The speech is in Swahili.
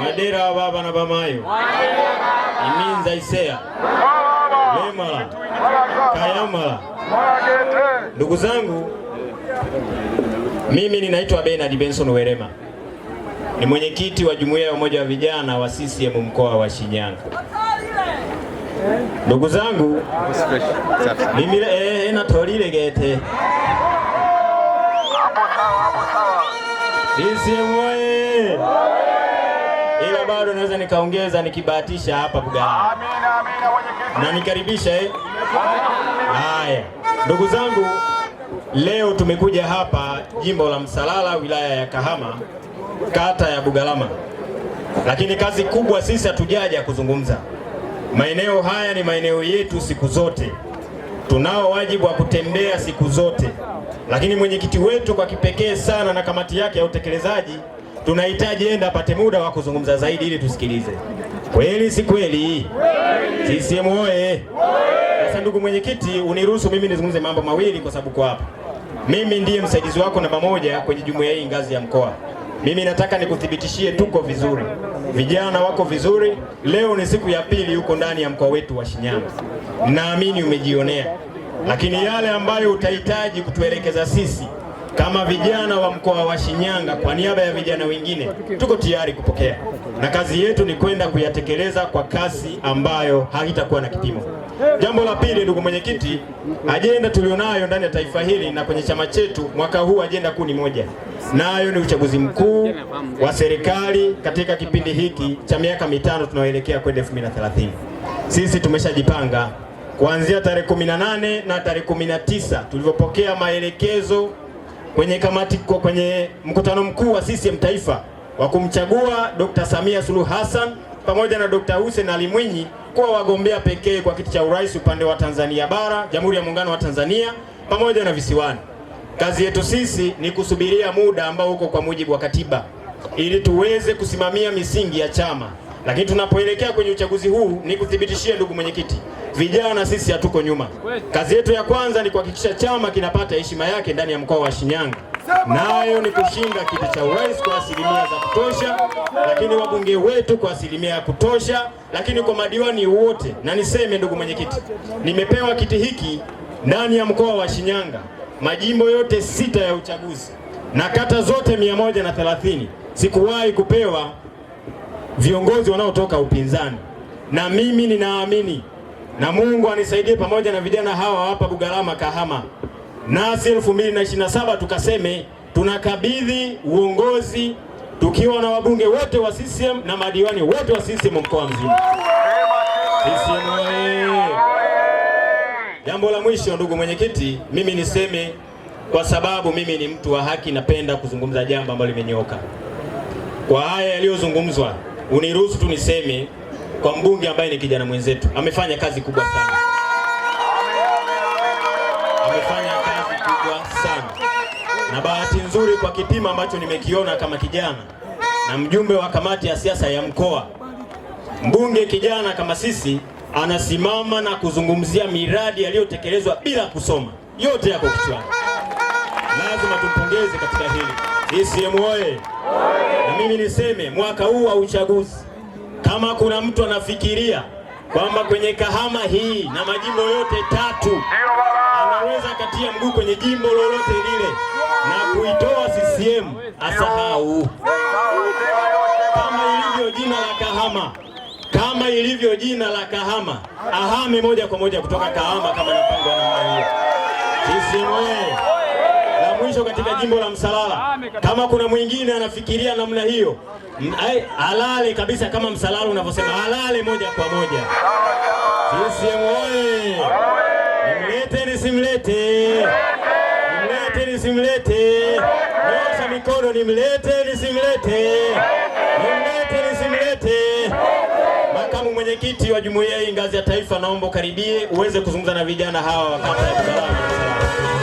madera baba na bamayo iminza iseya lemala kayamala. Ndugu zangu, mimi ninaitwa Bernard Benson Werema, ni mwenyekiti wa jumuiya ya umoja wa vijana wa CCM mkoa wa Shinyanga. Ndugu zangu, mimi eh, eh natolile gete hapo sawa hapo sawa Oye! Ila bado naweza nikaongeza nikibahatisha hapa Bugando. Amina, amina Na nikaribisha eh. Haya. Ndugu zangu, leo tumekuja hapa jimbo la Msalala, wilaya ya Kahama, kata ya Bugalama. Lakini kazi kubwa sisi hatujaja kuzungumza. Maeneo haya ni maeneo yetu siku zote tunao wajibu wa kutembea siku zote, lakini mwenyekiti wetu kwa kipekee sana na kamati yake ya utekelezaji tunahitaji enda apate muda wa kuzungumza zaidi ili tusikilize. Kweli si kweli? CCM oye! Sasa ndugu mwenyekiti, uniruhusu mimi nizungumze mambo mawili kwa sababu kwa hapa mimi ndiye msaidizi wako namba moja kwenye jumuiya hii ngazi ya mkoa. Mimi nataka nikuthibitishie tuko vizuri, vijana wako vizuri. Leo ni siku ya pili huko ndani ya mkoa wetu wa Shinyanga, naamini umejionea, lakini yale ambayo utahitaji kutuelekeza sisi kama vijana wa mkoa wa Shinyanga, kwa niaba ya vijana wengine, tuko tayari kupokea na kazi yetu ni kwenda kuyatekeleza kwa kasi ambayo haitakuwa na kipimo. Jambo la pili, ndugu mwenyekiti, ajenda tulionayo ndani ya taifa hili na kwenye chama chetu mwaka huu, ajenda kuu ni moja, nayo ni uchaguzi mkuu wa serikali katika kipindi hiki cha miaka mitano tunaoelekea kwenda 2030. Sisi tumeshajipanga kuanzia tarehe 18 na tarehe 19 tulivyopokea maelekezo kwenye kamati, kwenye mkutano mkuu wa CCM taifa wa kumchagua Dr. Samia Suluhu Hassan pamoja na Dr. Hussein Ali Mwinyi kuwa wagombea pekee kwa kiti cha urais upande wa Tanzania bara, Jamhuri ya Muungano wa Tanzania pamoja na visiwani. Kazi yetu sisi ni kusubiria muda ambao uko kwa mujibu wa katiba ili tuweze kusimamia misingi ya chama, lakini tunapoelekea kwenye uchaguzi huu, ni kuthibitishie ndugu mwenyekiti, vijana sisi hatuko nyuma. Kazi yetu ya kwanza ni kuhakikisha chama kinapata heshima yake ndani ya mkoa wa Shinyanga nayo ni kushinda kiti cha urais kwa asilimia za kutosha, lakini wabunge wetu kwa asilimia ya kutosha, lakini kwa madiwani wote. Na niseme ndugu mwenyekiti, nimepewa kiti hiki ndani ya mkoa wa Shinyanga, majimbo yote sita ya uchaguzi na kata zote 130. Sikuwahi kupewa viongozi wanaotoka upinzani, na mimi ninaamini na Mungu anisaidie pamoja na vijana hawa hapa Bugalama Kahama nasi 2027 tukaseme tunakabidhi uongozi tukiwa na wabunge wote wa CCM na madiwani wote wa CCM mkoa mzima. CCM Jambo la mwisho, ndugu mwenyekiti, mimi niseme kwa sababu mimi ni mtu wa haki, napenda kuzungumza jambo ambalo limenyoka. Kwa haya yaliyozungumzwa, uniruhusu tu niseme kwa mbunge ambaye ni kijana mwenzetu, amefanya kazi kubwa sana. na bahati nzuri kwa kipimo ambacho nimekiona kama kijana na mjumbe wa kamati ya siasa ya mkoa, mbunge kijana kama sisi anasimama na kuzungumzia miradi yaliyotekelezwa bila kusoma, yote yako kichwani. Lazima tumpongeze katika hili. E CCM oye! Na mimi niseme mwaka huu wa uchaguzi, kama kuna mtu anafikiria kwamba kwenye Kahama hii na majimbo yote tatu anaweza katia mguu kwenye jimbo lolote lile na kuitoa CCM asahau. Kama ilivyo jina la Kahama, kama ilivyo jina la Kahama, ahame moja kwa moja kutoka Kahama kama inapangwa namna hiyo. CCM la mwisho katika jimbo la Msalala. Kama kuna mwingine anafikiria namna hiyo, alale kabisa, kama Msalala unavyosema, alale moja kwa moja. CCM nimlete nisimlete, nimlete nisimlete. Makamu mwenyekiti wa jumuiya hii ngazi ya taifa, naomba ukaribie uweze kuzungumza na vijana hawa wa kata ya